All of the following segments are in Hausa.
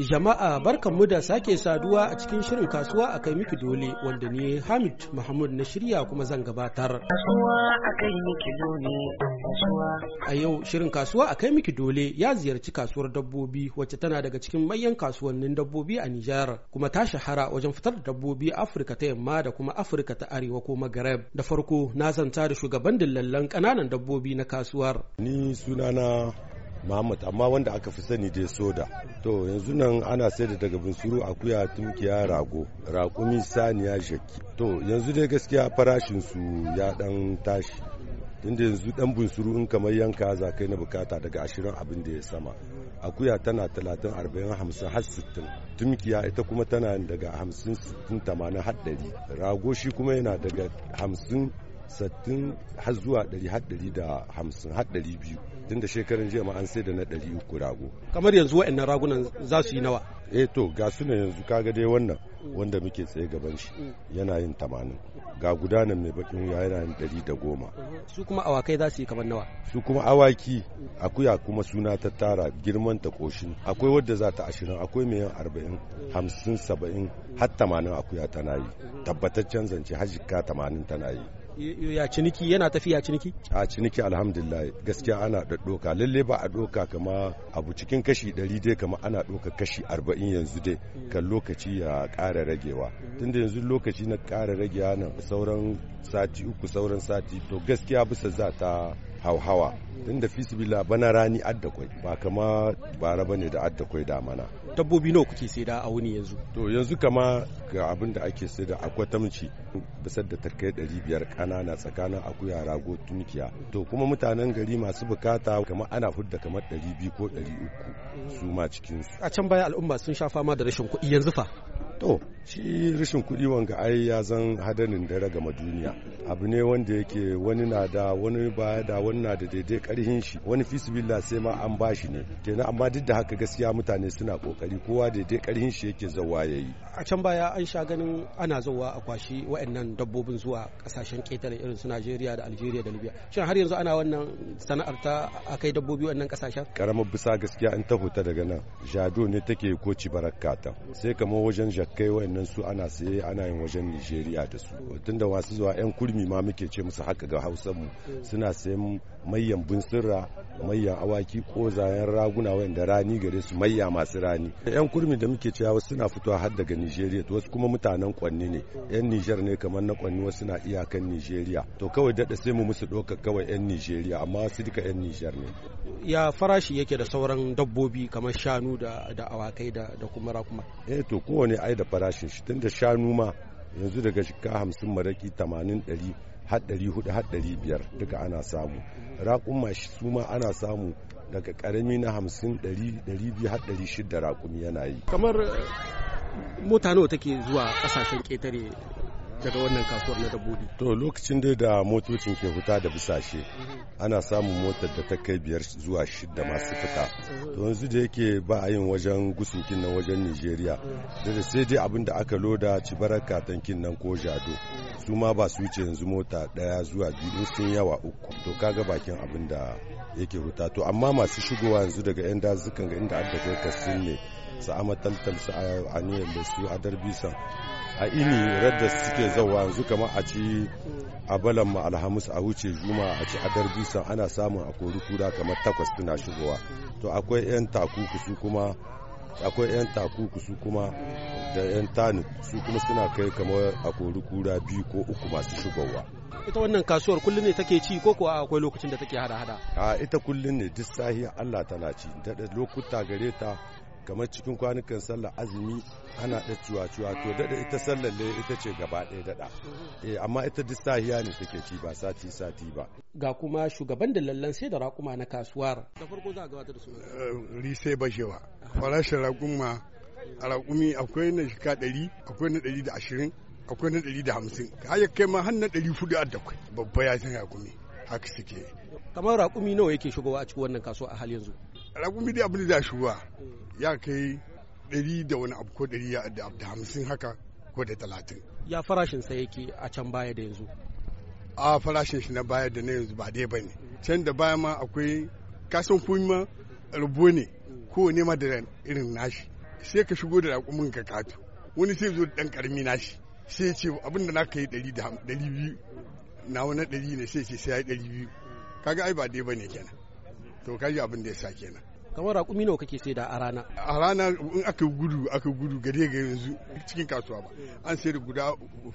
Jama'a barkanmu da sake saduwa a cikin shirin kasuwa a kai miki dole wanda ni Hamid Mahmud na shirya kuma zan gabatar. A yau shirin kasuwa a kai miki dole ya ziyarci kasuwar dabbobi wacce tana daga cikin manyan kasuwannin dabbobi a Nijar kuma ta shahara wajen fitar da dabbobi a Afirka ta yamma da kuma Afirka ta arewa ko Maghreb. Da farko na zanta da shugaban dillallan ƙananan dabbobi na kasuwar. Ni sunana Muhammad amma wanda aka fi sani dai soda. To yanzu nan ana sai da daga bunsuru akuya tumkiya rago, raƙumi saniya shakki. To yanzu dai gaskiya farashin su ya dan tashi. Tunda yanzu dan bunsuru in kamar yanka za kai na bukata daga ashirin abin da ya sama. Akuya tana talatin arba'in hamsin har sittin. Tumkiya ita kuma tana daga hamsin sittin tamanin har ɗari. Rago shi kuma yana daga hamsin sattin har zuwa ɗari har da hamsin har biyu tunda shekaran jiya ma an sai da na ɗari uku rago kamar yanzu wa'annan ragunan za su yi nawa eh to ga su ne yanzu kaga dai wannan mm. wanda muke tsaye gaban shi mm. yana yin tamanin ga gudanar mai bakin ya yana yin ɗari da goma mm-hmm. su kuma awakai za su yi kamar nawa su kuma awaki akuya kuma suna ta tara girman ta koshin akwai wadda za ta ashirin akwai mai yin arba'in mm. hamsin saba'in har tamanin akuya tana yi mm-hmm. tabbataccen zance hajjika tamanin tana yi ya ciniki yana tafiya ciniki a ciniki alhamdulillah gaskiya ana da doka lalle ba a doka kama abu cikin kashi 100 dai kama ana doka kashi arba'in yanzu dai kan lokaci ya ƙara ragewa tunda yanzu lokaci na ƙara ragewa nan sauran sati uku sauran sati to gaskiya bisa za ta hauhawa tunda fisibila bana rani adda kwai ba kama bara bane da adda kwai damana dabbobi nawa kuke saida a wuni yanzu to yanzu kama ga abin da ake saida akwai tamci bisa da takai ɗari biyar ƙanana tsakanin akuya rago tunkiya to kuma mutanen gari masu bukata kama ana fudda kamar ɗari biyu ko ɗari uku su ma cikinsu a can baya al'umma sun sha fama da rashin kuɗi yanzu fa to shi rashin kuɗi wanga ai ya zan hadarin dare gama duniya abu ne wanda yake wani na da wani baya da wani na da daidai karhin shi wani fisibila sai ma an bashi ne kenan amma duk da haka gaskiya mutane suna kokari kowa daidai karhin shi yake zawa yayi a can baya an sha ganin ana zawa a kwashi waɗannan dabbobin zuwa kasashen ketare irin su Najeriya da Algeria da Libya shin har yanzu ana wannan sana'ar ta akai dabbobi waɗannan kasashen karamar bisa gaskiya an ta daga nan jado ne take ko ci barakata sai kamar wajen kai wayannan su ana saye ana yin wajen nijeriya da su tunda wasu zuwa yan kurmi ma muke ce musu haka ga Hausa mu mm. suna sayan Mayan bunsirra mayan awaki ko zayen raguna wanda rani gare su mayya masu rani yan kurmi da muke cewa wasu suna fitowa har daga nigeria wasu kuma mutanen kwanni ne yan nijar ne kamar na kwanni wasu na iyakan nigeria to kawai dada sai mu musu doka kawai yan nigeria amma su duka yan nijar ne ya farashi yake da sauran dabbobi kamar shanu da awakai da kuma rakuma eh to kowane ai da farashin shi tunda shanu ma yanzu daga shika hamsin maraki tamanin ɗari har hudu har biyar duka ana samu raƙuma su ma ana samu daga ƙarami na hamsin ɗari ɗari biyu har shida raƙumi yana yi kamar mota nawa take zuwa ƙasashen ƙetare daga wannan kasuwar na dabbobi to lokacin dai da motocin ke huta da bisa bisashe mm-hmm. ana samun motar da ta kai biyar zuwa shida masu fita to eh. yanzu da yake ba a yin wajen gusukin nan wajen nigeria mm. da sai dai abin da aka loda ci tankin nan ko jado mm. su ma ba su wuce yanzu mota daya zuwa biyu sun yawa uku to kaga bakin abin da yake huta to amma masu shigowa yanzu daga yan dazukan ga inda aka kai kasin ne su a su a aniyar da su a darbisan a ini radda suke zauwa yanzu kama a ci a balanmu ma alhamis a wuce juma a ci adar bisan ana samun a kori kura kamar takwas suna shigowa to akwai 'yan takuku su kuma akwai 'yan takuku su kuma da 'yan tani su kuma suna kai kamar a kori kura biyu ko uku masu shigowa ita wannan kasuwar kullum ne take ci ko kuwa akwai lokacin da take hada hada a ita kullum ne duk sahiya Allah tana ci da lokuta gare ta kamar cikin kwanukan sallar azumi ana da cuwa-cuwa to dada ita sallar ne ita ce gaba ɗaya dada eh amma ita distahiya ne take ci ba sati sati ba ga kuma shugaban da lallan sai da raƙuma na kasuwar da farko za a gabatar da su eh, sai bashewa farashin raƙuma a raƙumi akwai na shika ɗari akwai na ɗari da ashirin akwai na ɗari da hamsin haya kai ma har na ɗari fudu a dakwai babba ya san raƙumi haka suke kamar raƙumi nawa yake shigowa a cikin wannan kasuwa a hal yanzu ragumi da abin da shuwa ya kai ɗari da wani abu ko ɗari da hamsin haka ko da talatin. Ya farashin sa yake a can baya da yanzu? A farashin shi na baya da na yanzu ba dai ba ne. Can da baya ma akwai kasan kuma rubo ne ko ne ma da irin nashi. Sai ka shigo da raƙumin ka kato. Wani sai zo ɗan ƙarami nashi. Sai ce abin da na yi ɗari da ɗari biyu. Na wani ɗari ne sai ce sai ya ɗari biyu. Kaga ai ba dai ba ne kenan. to kaji abin da ya sa kenan kamar raƙumi nawa kake sai da a rana a rana in aka gudu aka gudu gare ga yanzu cikin kasuwa ba an sai da guda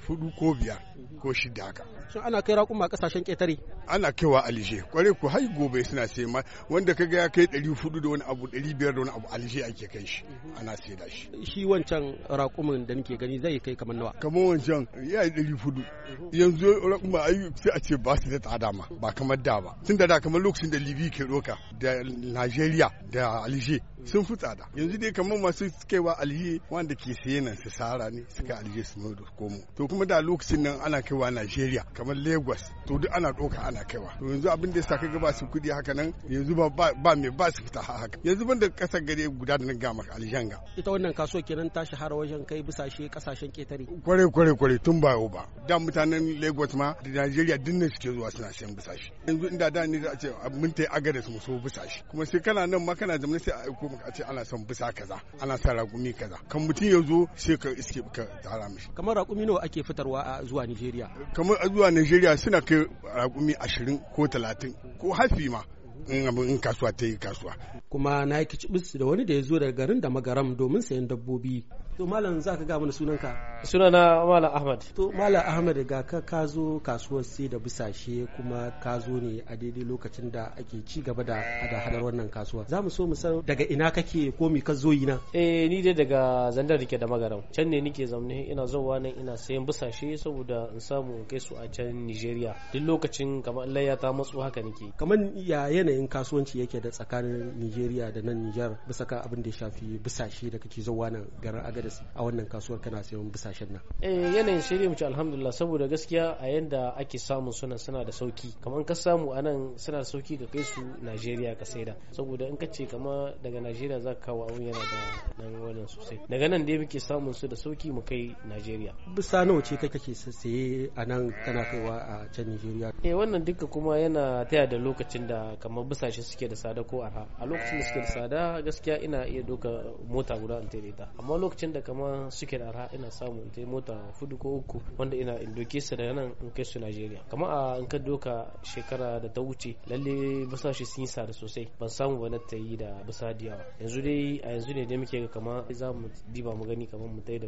hudu ko biyar ko shida haka shin ana kai raƙuma kasashen ƙetare ana kaiwa alishe kware ku hai gobe suna sai ma wanda ga ya kai ɗari hudu da wani abu ɗari biyar da wani abu alishe ake kai shi ana sai da shi shi wancan raƙumin da nake gani zai kai kamar nawa kamar wancan ya yi ɗari hudu yanzu raƙuma ayu sai a ce ba su da tsada ma ba kamar da ba tun da da kamar lokacin da libi ke roka da najeriya da alje sun fi tsada yanzu dai kamar masu kaiwa alje wanda ke siye nan su sara ne suka alje su mai da komo to kuma da lokacin nan ana kaiwa Najeriya kamar Lagos to duk ana ɗauka ana kaiwa to yanzu abin da sa kaga ba su kudi haka nan yanzu ba ba me ba su fita haka yanzu ban da kasar gare guda da na ga maka aljanga ita wannan kaso kenan ta shahara wajen kai bisashe kasashen ketare kware kware kware tun ba yau ba da mutanen Lagos ma da Najeriya dinnan suke zuwa suna sayan bisashe yanzu inda da ne za a ce mun tai su mu so bisashe kuma sai kana nan ma kana da sai a aiko maka a ce ana son bisa kaza ana son raƙumi kaza kan mutum ya zo sai ka iske ka tsara mishi kamar raƙumi nawa ake fitarwa a zuwa Nigeria kamar a zuwa Nigeria suna kai raƙumi ashirin ko talatin ko hafi ma in kasuwa ta yi kasuwa. Kuma na yi kicibis da wani da ya zo daga garin da magaram domin sayan dabbobi. to malam za ka ga mana sunanka sunana malam ahmad to malam ahmad ga ka ka zo kasuwar sai da bisashe kuma ka zo ne a daidai lokacin da ake ci gaba da hada hadar wannan kasuwa za mu so mu san daga ina kake ko me ka zo yi na eh ni dai daga zandar rike da magaram can ne nike zamne ina zowa nan ina sayan bisashe saboda in samu kai su a can Nigeria duk lokacin kamar Allah ya ta matsu haka nike kamar ya yanayin kasuwanci yake da tsakanin Nigeria da nan Niger bisa ka abin da ya shafi bisashe da kake zowa nan garin a wannan kasuwar kana sayan bisashen nan eh yanayin sai dai mu ci alhamdulillah saboda gaskiya a yanda ake samun suna suna da sauki kamar ka samu a nan suna da sauki ka kai su Najeriya ka saida saboda in ka ce kama daga Najeriya za ka kawo abun yana da nan wannan sosai daga nan dai muke samun su da sauki mu kai Najeriya bisa nawa ce kake saye a nan kana kaiwa a can Najeriya eh wannan duka kuma yana taya da lokacin da kamar bisashe suke da sada ko arha a lokacin da suke da sada gaskiya ina iya doka mota guda in ta amma lokacin da kama suke da arha ina samu in tai mota fudu ko uku wanda ina in doke su daga nan in kai su Najeriya kama a in ka doka shekara da ta wuce lalle basashi sun yi sada sosai ban samu ba na ta yi da bisa diyawa yanzu dai a yanzu ne dai muke ga kama za mu diba mu gani kamar mu tai da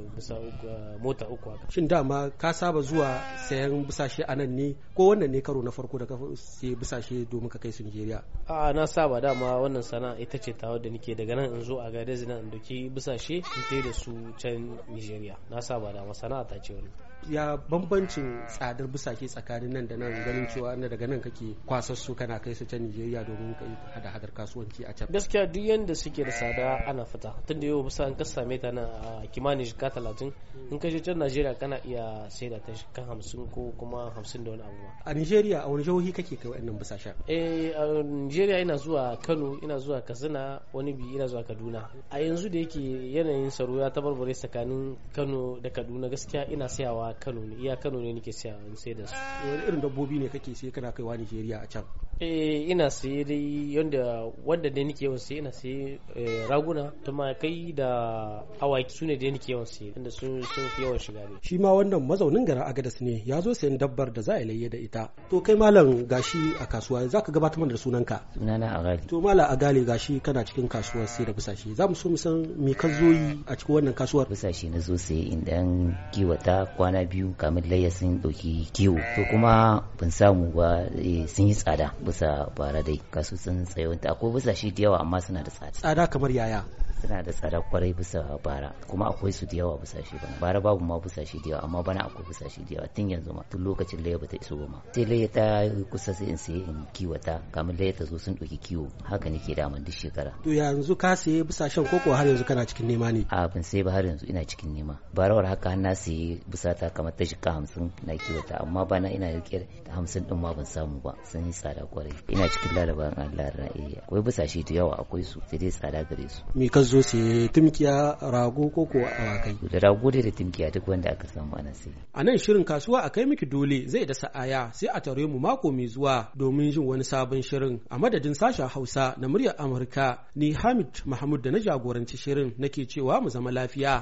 mota uku haka shin dama ka saba zuwa sayan bisashe a nan ne ko wannan ne karo na farko da ka sai bisashe domin ka kai su Najeriya a na saba dama wannan sana'a ita ce tawa da nake daga nan in zo a gadezi na in doki bisashe in tai da su can nigeria na saba da masana ta ce wannan ya bambancin tsadar busashe tsakanin nan da nan ganin cewa na daga nan kake kwasar su kana kai su ta Nigeria domin kai hada-hadar kasuwanci a can gaskiya duk yanda suke da tsada ana fita tunda yau bisa an ka same ta na kimanin shiga talatin in ka je can Nigeria kana iya saida ta shiga hamsin ko kuma hamsin da wani abu a Nigeria a wani jihohi kake kai wa'annan busashen eh a Nigeria ina zuwa Kano ina zuwa Katsina wani bi ina zuwa Kaduna a yanzu da yake yanayin tsaro ya tabarbare tsakanin Kano da Kaduna gaskiya ina sayawa Kano ne iya Kano ne nake siya in sai da su wani irin dabbobi ne kake sai kana kaiwa Nigeria a can eh ina saye dai yadda wanda da nake yawan saye ina saye eh, raguna tumakai da awaki su ne da nake yawan saye inda sun sun fi yawan shiga ne shi ma wannan mazaunin garin agadas ne ya zo sayan dabbar da za a layye da ita to kai malam gashi a kasuwa za ka gabatar mana da sunanka sunana agali to malam agali gashi kana cikin kasuwar sai da busashi za mu so mu san me ka zo yi a cikin wannan kasuwar busashi na zo sai in an kiwata kwana biyu kamin layya sun dauki kiwo to kuma ban samu ba eh, sun yi tsada bisa bara dai kasu sun tsaye akwai bisa shi da yawa amma suna da tsada tsada kamar yaya suna da tsada kwarai bisa bara kuma akwai su da yawa bisa shi bana bara babu ma bisa shi da yawa amma bana akwai bisa shi da yawa tun yanzu ma tun lokacin laye bata iso ma sai laye ta kusa sai in sai in kiwata kamin laye ta zo sun ɗauki kiwo haka nake daman duk shekara. to yanzu ka saye bisa shan koko har yanzu kana cikin nema ne. a ban sai ba har yanzu ina cikin nema barawar haka na saye bisa ta kamar ta shika hamsin na kiwata amma bana ina riƙe hamsin din ma ban samu ba sun yi tsada kwarai ina cikin larabawan Allah ra'ayi akwai bisa shi da yawa akwai su sai dai tsada gare su. me ka zo zo su tumkiya rago ko ko awakai da rago da tumkiya duk wanda aka samu ana sai a nan shirin kasuwa a kai miki dole zai da sa'aya sai a tare mu mako mai zuwa domin jin wani sabon shirin a madadin sashen Hausa na muryar Amurka ni Hamid Mahmud da na jagoranci shirin nake cewa mu zama lafiya